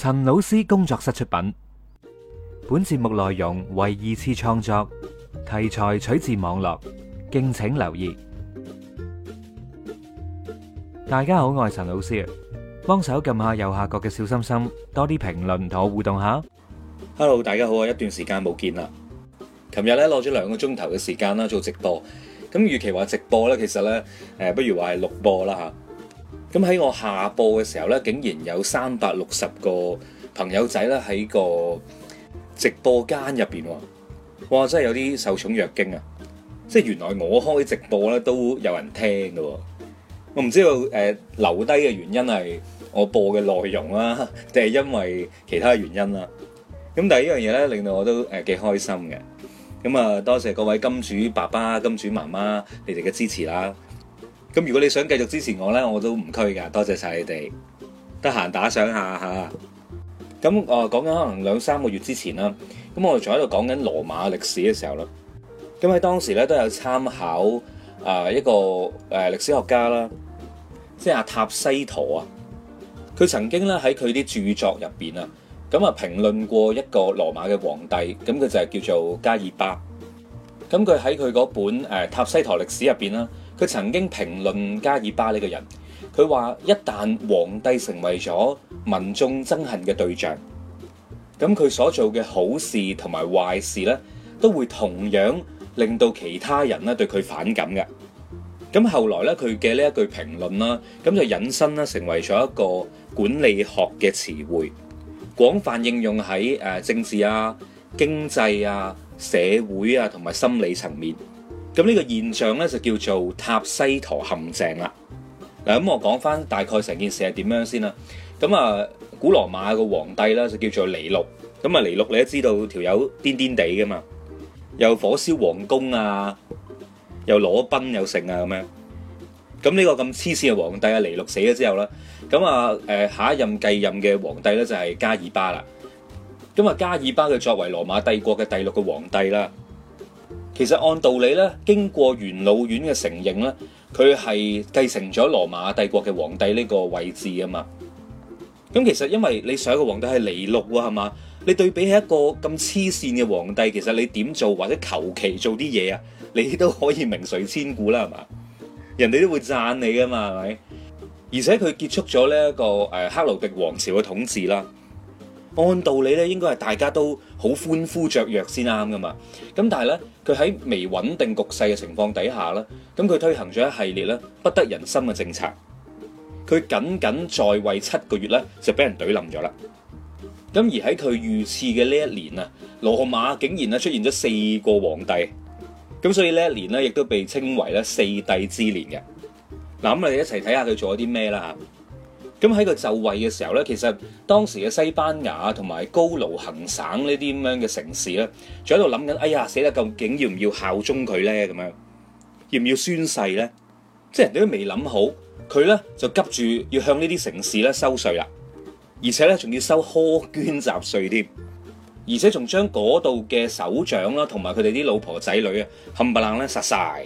陳老師工作室出品，本節目內容為二次創作，題材取自網絡，敬請留意。大家好，我係陳老師，幫手撳下右下角嘅小心心，多啲評論同我互動下。Hello，大家好啊，一段時間冇見啦。琴日咧攞咗兩個鐘頭嘅時間啦，做直播。咁與其話直播咧，其實咧，誒，不如話係錄播啦吓。咁喺我下播嘅時候咧，竟然有三百六十個朋友仔咧喺個直播間入邊喎，哇！真係有啲受寵若驚啊！即係原來我開直播咧都有人聽㗎喎，我唔知道誒留低嘅原因係我播嘅內容啦，定係因為其他原因啦。咁但係呢樣嘢咧令到我都誒幾開心嘅。咁啊，多謝各位金主爸爸、金主媽媽，你哋嘅支持啦。咁如果你想繼續支持我咧，我都唔拘噶，多謝晒你哋，得閒打賞一下吓。咁啊，講緊可能兩三個月之前啦，咁我哋仲喺度講緊羅馬歷史嘅時候啦，咁喺當時咧都有參考啊、呃、一個誒、呃、歷史學家啦，即係阿塔西佗啊，佢曾經咧喺佢啲著作入邊啊，咁啊評論過一個羅馬嘅皇帝，咁佢就係叫做加爾巴，咁佢喺佢嗰本誒、呃、塔西佗歷史入邊啦。佢曾經評論加爾巴呢個人，佢話：一旦皇帝成為咗民眾憎恨嘅對象，咁佢所做嘅好事同埋壞事呢，都會同樣令到其他人呢對佢反感嘅。咁後來呢，佢嘅呢一句評論啦，咁就引申啦成為咗一個管理學嘅詞彙，廣泛應用喺誒政治啊、經濟啊、社會啊同埋心理層面。咁呢個現象咧就叫做塔西佗陷阱啦。嗱，咁我講翻大概成件事係點樣先啦。咁啊，古羅馬個皇帝咧就叫做尼祿。咁啊，尼祿你都知道條友癲癲地噶嘛，又火燒皇宮啊，又攞兵、啊、又勝啊咁樣。咁呢、啊、個咁黐線嘅皇帝啊，尼祿死咗之後啦。咁啊，誒下一任繼任嘅皇帝咧就係加爾巴啦。咁啊，加爾巴佢作為羅馬帝國嘅第六個皇帝啦。其實按道理咧，經過元老院嘅承認咧，佢係繼承咗羅馬帝國嘅皇帝呢個位置啊嘛。咁其實因為你上一個皇帝係尼禄啊，係嘛？你對比起一個咁黐線嘅皇帝，其實你點做或者求其做啲嘢啊，你都可以名垂千古啦，係嘛？人哋都會讚你㗎嘛，係咪？而且佢結束咗呢一個誒克勞狄王朝嘅統治啦。按道理咧，應該係大家都好歡呼雀躍先啱㗎嘛。咁但係咧，佢喺未穩定局勢嘅情況底下啦，咁佢推行咗一系列咧不得人心嘅政策。佢僅僅在位七個月咧，就俾人懟冧咗啦。咁而喺佢遇刺嘅呢一年啊，羅馬竟然咧出現咗四個皇帝。咁所以呢一年咧，亦都被稱為咧四帝之年嘅。嗱，咁我哋一齊睇下佢做咗啲咩啦吓。咁喺個就位嘅時候咧，其實當時嘅西班牙同埋高盧行省呢啲咁樣嘅城市咧，仲喺度諗緊，哎呀，死啦，究竟要唔要效忠佢咧？咁樣要唔要宣誓咧？即係人哋都未諗好，佢咧就急住要向呢啲城市咧收稅啦，而且咧仲要收苛捐雜稅添，而且仲將嗰度嘅首長啦同埋佢哋啲老婆仔女啊冚唪唥咧殺晒。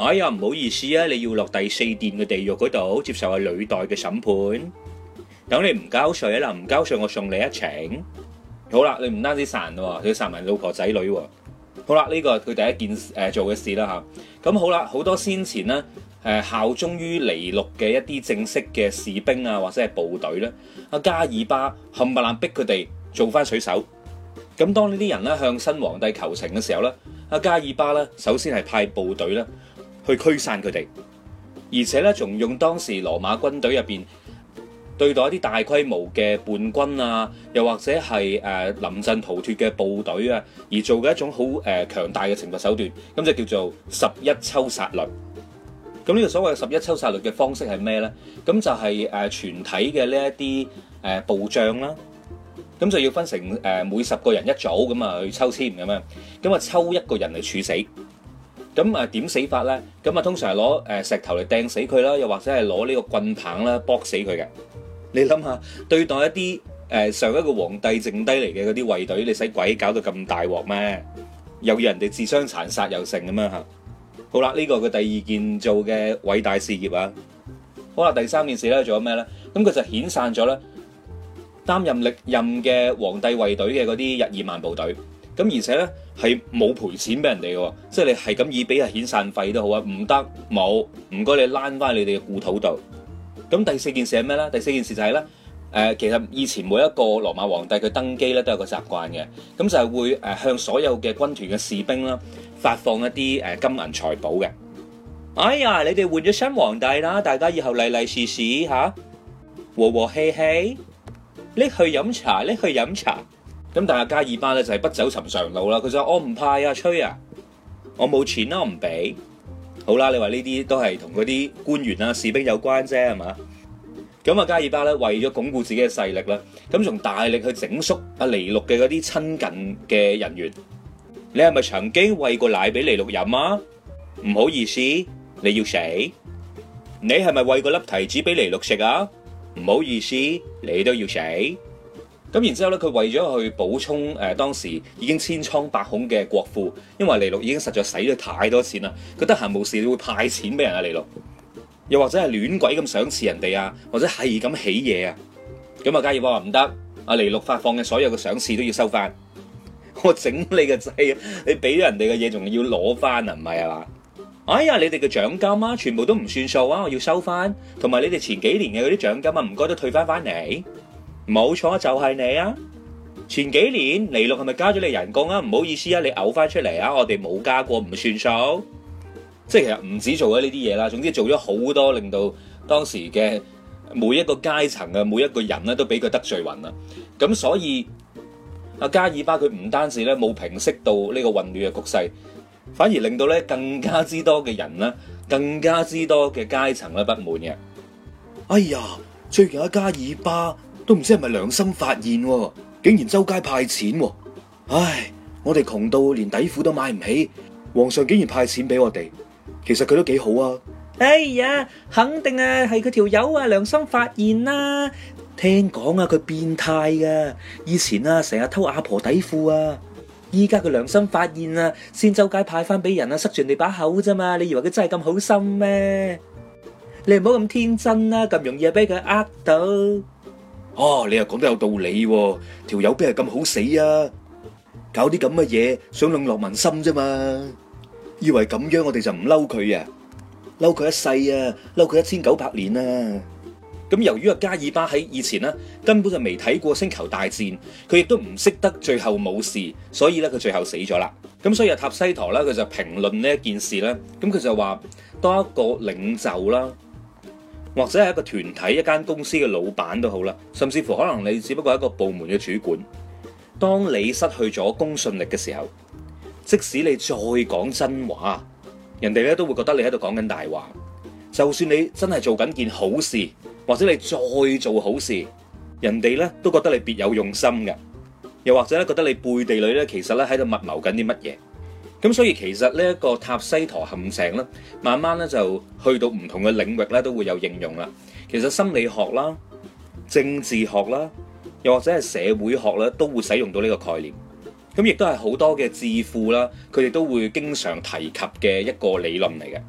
哎呀，唔好意思啊！你要落第四殿嘅地獄嗰度接受係履代嘅審判。等你唔交稅啊啦，唔交稅我送你一程。好啦，你唔單止殺人喎，你要殺埋老婆仔女喎。好啦，呢、呢個係佢第一件誒、呃、做嘅事啦嚇。咁好啦，好多先前呢誒、啊、效忠於尼祿嘅一啲正式嘅士兵啊，或者係部隊咧，阿加爾巴冚唪唥逼佢哋做翻水手。咁、啊、當呢啲人咧向新皇帝求情嘅時候咧，阿加爾巴咧首先係派部隊咧。去驅散佢哋，而且咧仲用當時羅馬軍隊入邊對待一啲大規模嘅叛軍啊，又或者係誒臨陣逃脫嘅部隊啊，而做嘅一種好誒強大嘅懲罰手段，咁就叫做十一抽殺律。咁呢個所謂十一抽殺律嘅方式係咩咧？咁就係誒全體嘅呢一啲誒部將啦，咁、呃啊、就要分成誒、呃、每十個人一組咁啊去抽籤咁樣，咁啊抽一個人嚟處死。咁啊，點死法咧？咁啊，通常係攞石頭嚟掟死佢啦，又或者係攞呢個棍棒啦，剝死佢嘅。你諗下，對待一啲上一個皇帝剩低嚟嘅嗰啲衛隊，你使鬼搞到咁大鑊咩？又要人哋自相殘殺又成咁樣吓。好啦，呢、呢個佢第二件做嘅偉大事業啊。好啦，第三件事咧，做咗咩咧？咁佢就遣散咗咧，擔任歷任嘅皇帝衛隊嘅嗰啲日耳曼部隊。咁而且咧，係冇賠錢俾人哋嘅，即係你係咁以俾啊遣散費都好啊，唔得冇，唔該你攆翻你哋嘅故土度。咁第四件事係咩咧？第四件事就係、是、咧，誒、呃、其實以前每一個羅馬皇帝佢登基咧都有個習慣嘅，咁就係會誒向所有嘅軍團嘅士兵啦發放一啲誒金銀財寶嘅。哎呀，你哋換咗新皇帝啦，大家以後利利是是嚇，和和氣氣，搦去飲茶，搦去飲茶。咁但係加爾巴咧就係不走尋常路啦，佢就話我唔怕阿、啊、吹啊，我冇錢啦、啊，我唔俾。好啦，你話呢啲都係同嗰啲官員啊、士兵有關啫，係嘛？咁啊，加爾巴咧為咗鞏固自己嘅勢力啦，咁仲大力去整肅阿尼祿嘅嗰啲親近嘅人員。你係咪曾經喂過奶俾尼祿飲啊？唔好意思，你要死。你係咪喂過粒提子俾尼祿食啊？唔好意思，你都要死。咁然之後咧，佢為咗去補充誒、呃、當時已經千瘡百孔嘅國庫，因為尼祿已經實在使咗太多錢啦。佢得閒無事會派錢俾人啊，尼祿又或者係亂鬼咁賞賜人哋啊，或者係咁起嘢啊。咁啊，加爾巴話唔得，阿尼祿發放嘅所有嘅賞賜都要收翻。我整你個制啊！你俾咗人哋嘅嘢仲要攞翻啊？唔係啊嘛？哎呀，你哋嘅獎金啊，全部都唔算數啊！我要收翻。同埋你哋前幾年嘅嗰啲獎金啊，唔該都退翻翻嚟。冇錯，就係、是、你啊！前幾年尼祿係咪加咗你人工啊？唔好意思啊，你嘔翻出嚟啊！我哋冇加過，唔算數。即係其實唔止做咗呢啲嘢啦，總之做咗好多，令到當時嘅每一個階層啊、每一個人咧，都俾佢得罪暈啦。咁所以阿加爾巴佢唔單止咧冇平息到呢個混亂嘅局勢，反而令到咧更加之多嘅人咧，更加之多嘅階層咧不滿嘅。哎呀，最近阿加爾巴。都唔知係咪良心發現喎、啊，竟然周街派錢喎、啊。唉，我哋窮到連底褲都買唔起，皇上竟然派錢俾我哋，其實佢都幾好啊。哎呀，肯定啊，係佢條友啊良心發現啦、啊。聽講啊，佢變態噶、啊，以前啊成日偷阿婆底褲啊，依家佢良心發現啊，先周街派翻俾人啊塞住你把口啫嘛。你以為佢真係咁好心咩？你唔好咁天真啊，咁容易俾佢呃到。哦，你又講得有道理喎、哦！條友邊係咁好死啊？搞啲咁嘅嘢，想籠絡民心啫嘛？以為咁樣我哋就唔嬲佢啊，嬲佢一世啊，嬲佢一千九百年啊！咁由於阿加爾巴喺以前呢，根本就未睇過星球大戰，佢亦都唔識得最後冇事，所以咧佢最後死咗啦。咁所以阿塔西陀啦，佢就評論呢一件事啦。咁佢就話多一個領袖啦。或者係一個團體、一間公司嘅老闆都好啦，甚至乎可能你只不過係一個部門嘅主管，當你失去咗公信力嘅時候，即使你再講真話，人哋咧都會覺得你喺度講緊大話。就算你真係做緊件好事，或者你再做好事，人哋咧都覺得你別有用心嘅，又或者咧覺得你背地裏咧其實咧喺度密謀緊啲乜嘢。咁所以其實呢一個塔西佗陷阱咧，慢慢咧就去到唔同嘅領域咧都會有應用啦。其實心理學啦、政治學啦，又或者係社會學咧，都會使用到呢個概念。咁亦都係好多嘅智庫啦，佢哋都會經常提及嘅一個理論嚟嘅。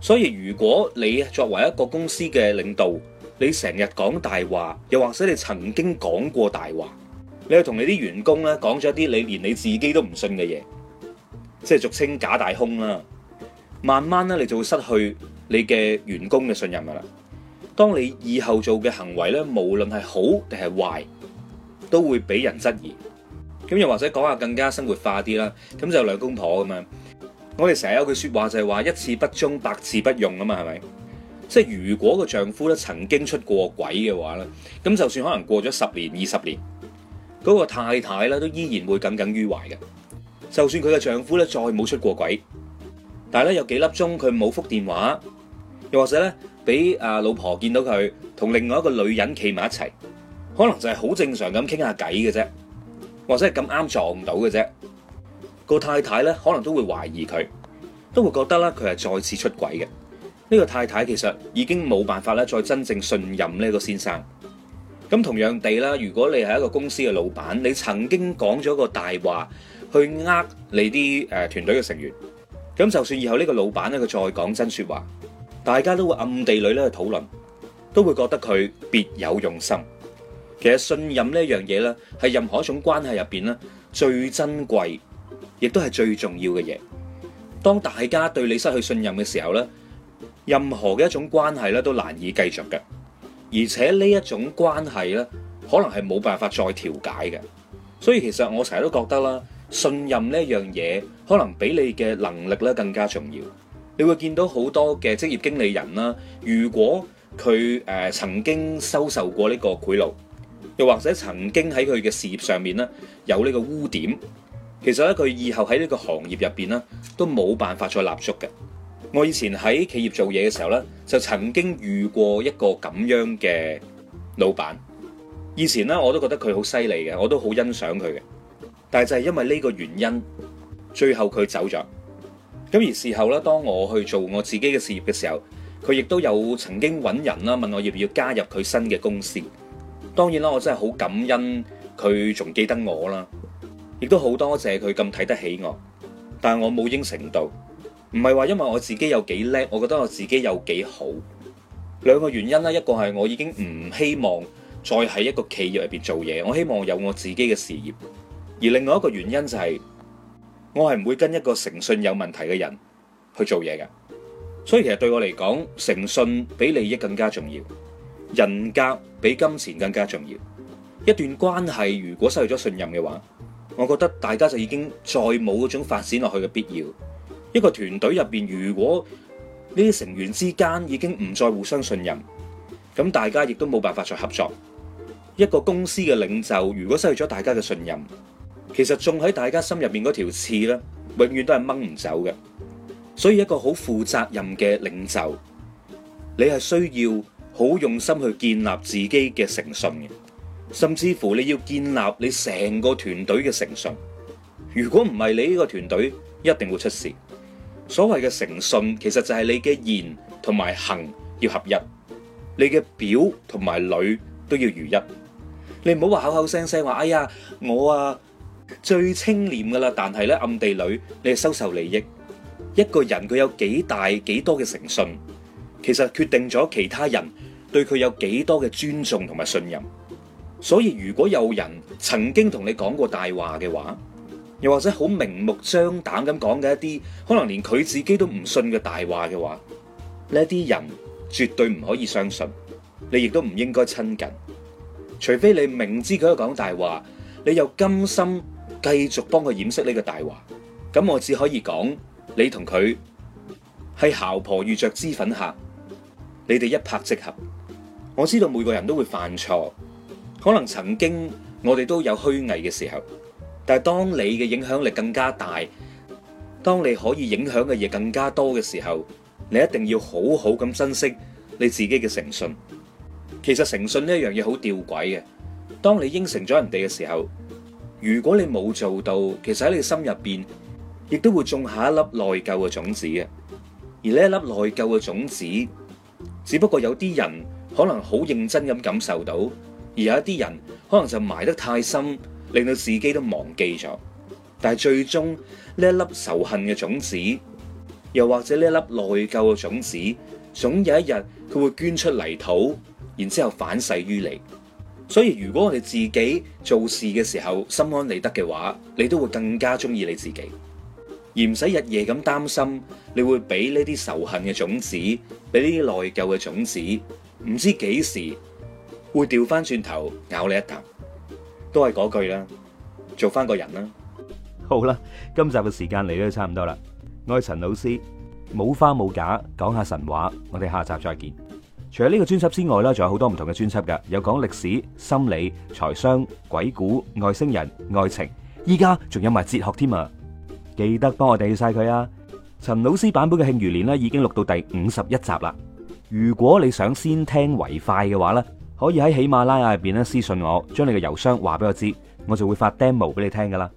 所以如果你作為一個公司嘅領導，你成日講大話，又或者你曾經講過大話，你去同你啲員工咧講咗一啲你連你自己都唔信嘅嘢。即係俗稱假大空啦，慢慢咧你就會失去你嘅員工嘅信任噶啦。當你以後做嘅行為咧，無論係好定係壞，都會俾人質疑。咁又或者講下更加生活化啲啦，咁就有兩公婆咁樣。我哋成日有句説話就係話一次不忠百次不用啊嘛，係咪？即係如果個丈夫咧曾經出過軌嘅話咧，咁就算可能過咗十年二十年，嗰個太太咧都依然會耿耿於懷嘅。就算佢嘅丈夫咧再冇出過軌，但係咧有幾粒鐘佢冇覆電話，又或者咧俾啊老婆見到佢同另外一個女人企埋一齊，可能就係好正常咁傾下偈嘅啫，或者係咁啱撞到嘅啫。個太太咧可能都會懷疑佢，都會覺得咧佢係再次出軌嘅。呢個太太其實已經冇辦法咧再真正信任呢個先生。咁同樣地啦，如果你係一個公司嘅老闆，你曾經講咗個大話。去呃你啲誒團隊嘅成員，咁就算以後呢個老闆咧佢再講真說話，大家都會暗地裏咧去討論，都會覺得佢別有用心。其實信任呢樣嘢呢，係任何一種關係入邊呢最珍貴，亦都係最重要嘅嘢。當大家對你失去信任嘅時候呢，任何嘅一種關係呢都難以繼續嘅，而且呢一種關係呢，可能係冇辦法再調解嘅。所以其實我成日都覺得啦。信任呢一樣嘢，可能比你嘅能力咧更加重要。你會見到好多嘅職業經理人啦，如果佢誒曾經收受過呢個賄賂，又或者曾經喺佢嘅事業上面咧有呢個污點，其實咧佢以後喺呢個行業入邊咧都冇辦法再立足嘅。我以前喺企業做嘢嘅時候咧，就曾經遇過一個咁樣嘅老闆。以前咧我都覺得佢好犀利嘅，我都好欣賞佢嘅。但係就係因為呢個原因，最後佢走咗。咁而事後咧，當我去做我自己嘅事業嘅時候，佢亦都有曾經揾人啦，問我要唔要加入佢新嘅公司。當然啦，我真係好感恩佢仲記得我啦，亦都好多謝佢咁睇得起我。但係我冇應承到，唔係話因為我自己有幾叻，我覺得我自己有幾好。兩個原因啦，一個係我已經唔希望再喺一個企業入邊做嘢，我希望有我自己嘅事業。而另外一個原因就係，我係唔會跟一個誠信有問題嘅人去做嘢嘅。所以其實對我嚟講，誠信比利益更加重要，人格比金錢更加重要。一段關係如果失去咗信任嘅話，我覺得大家就已經再冇嗰種發展落去嘅必要。一個團隊入面，如果呢啲成員之間已經唔再互相信任，咁大家亦都冇辦法再合作。一個公司嘅領袖，如果失去咗大家嘅信任，其實仲喺大家心入邊嗰條刺咧，永遠都係掹唔走嘅。所以一個好負責任嘅領袖，你係需要好用心去建立自己嘅誠信嘅，甚至乎你要建立你成個團隊嘅誠信。如果唔係，你呢個團隊一定會出事。所謂嘅誠信，其實就係你嘅言同埋行要合一，你嘅表同埋裏都要如一。你唔好話口口聲聲話，哎呀我啊，最清廉噶啦，但係咧，暗地裏你係收受利益。一個人佢有幾大幾多嘅誠信，其實決定咗其他人對佢有幾多嘅尊重同埋信任。所以如果有人曾經同你講過大話嘅話，又或者好明目張膽咁講嘅一啲可能連佢自己都唔信嘅大話嘅話，呢啲人絕對唔可以相信，你亦都唔應該親近，除非你明知佢講大話，你又甘心。繼續幫佢掩飾呢個大話，咁我只可以講，你同佢係姣婆遇着脂粉客，你哋一拍即合。我知道每個人都會犯錯，可能曾經我哋都有虛偽嘅時候，但係當你嘅影響力更加大，當你可以影響嘅嘢更加多嘅時候，你一定要好好咁珍惜你自己嘅誠信。其實誠信呢樣嘢好吊詭嘅，當你應承咗人哋嘅時候，如果你冇做到，其實喺你心入邊，亦都會種下一粒內疚嘅種子嘅。而呢一粒內疚嘅種子，只不過有啲人可能好認真咁感受到，而有一啲人可能就埋得太深，令到自己都忘記咗。但係最終呢一粒仇恨嘅種子，又或者呢一粒內疚嘅種子，總有一日佢會捐出泥土，然之後反噬於你。所以如果我哋自己做事嘅時候心安理得嘅話，你都會更加中意你自己，而唔使日夜咁擔心，你會俾呢啲仇恨嘅種子，俾呢啲內疚嘅種子，唔知幾時會掉翻轉頭咬你一啖。都係嗰句啦，做翻個人啦。好啦，今集嘅時間嚟到差唔多啦。我係陳老師，冇花冇假講下神話，我哋下集再見。除咗呢個專輯之外咧，仲有好多唔同嘅專輯噶，有講歷史、心理、財商、鬼故、外星人、愛情，依家仲有埋哲學添啊！記得幫我訂閱晒佢啊！陳老師版本嘅《慶餘年》咧已經錄到第五十一集啦。如果你想先聽為快嘅話咧，可以喺喜馬拉雅入邊咧私信我，將你嘅郵箱話俾我知，我就會發 demo 俾你聽噶啦。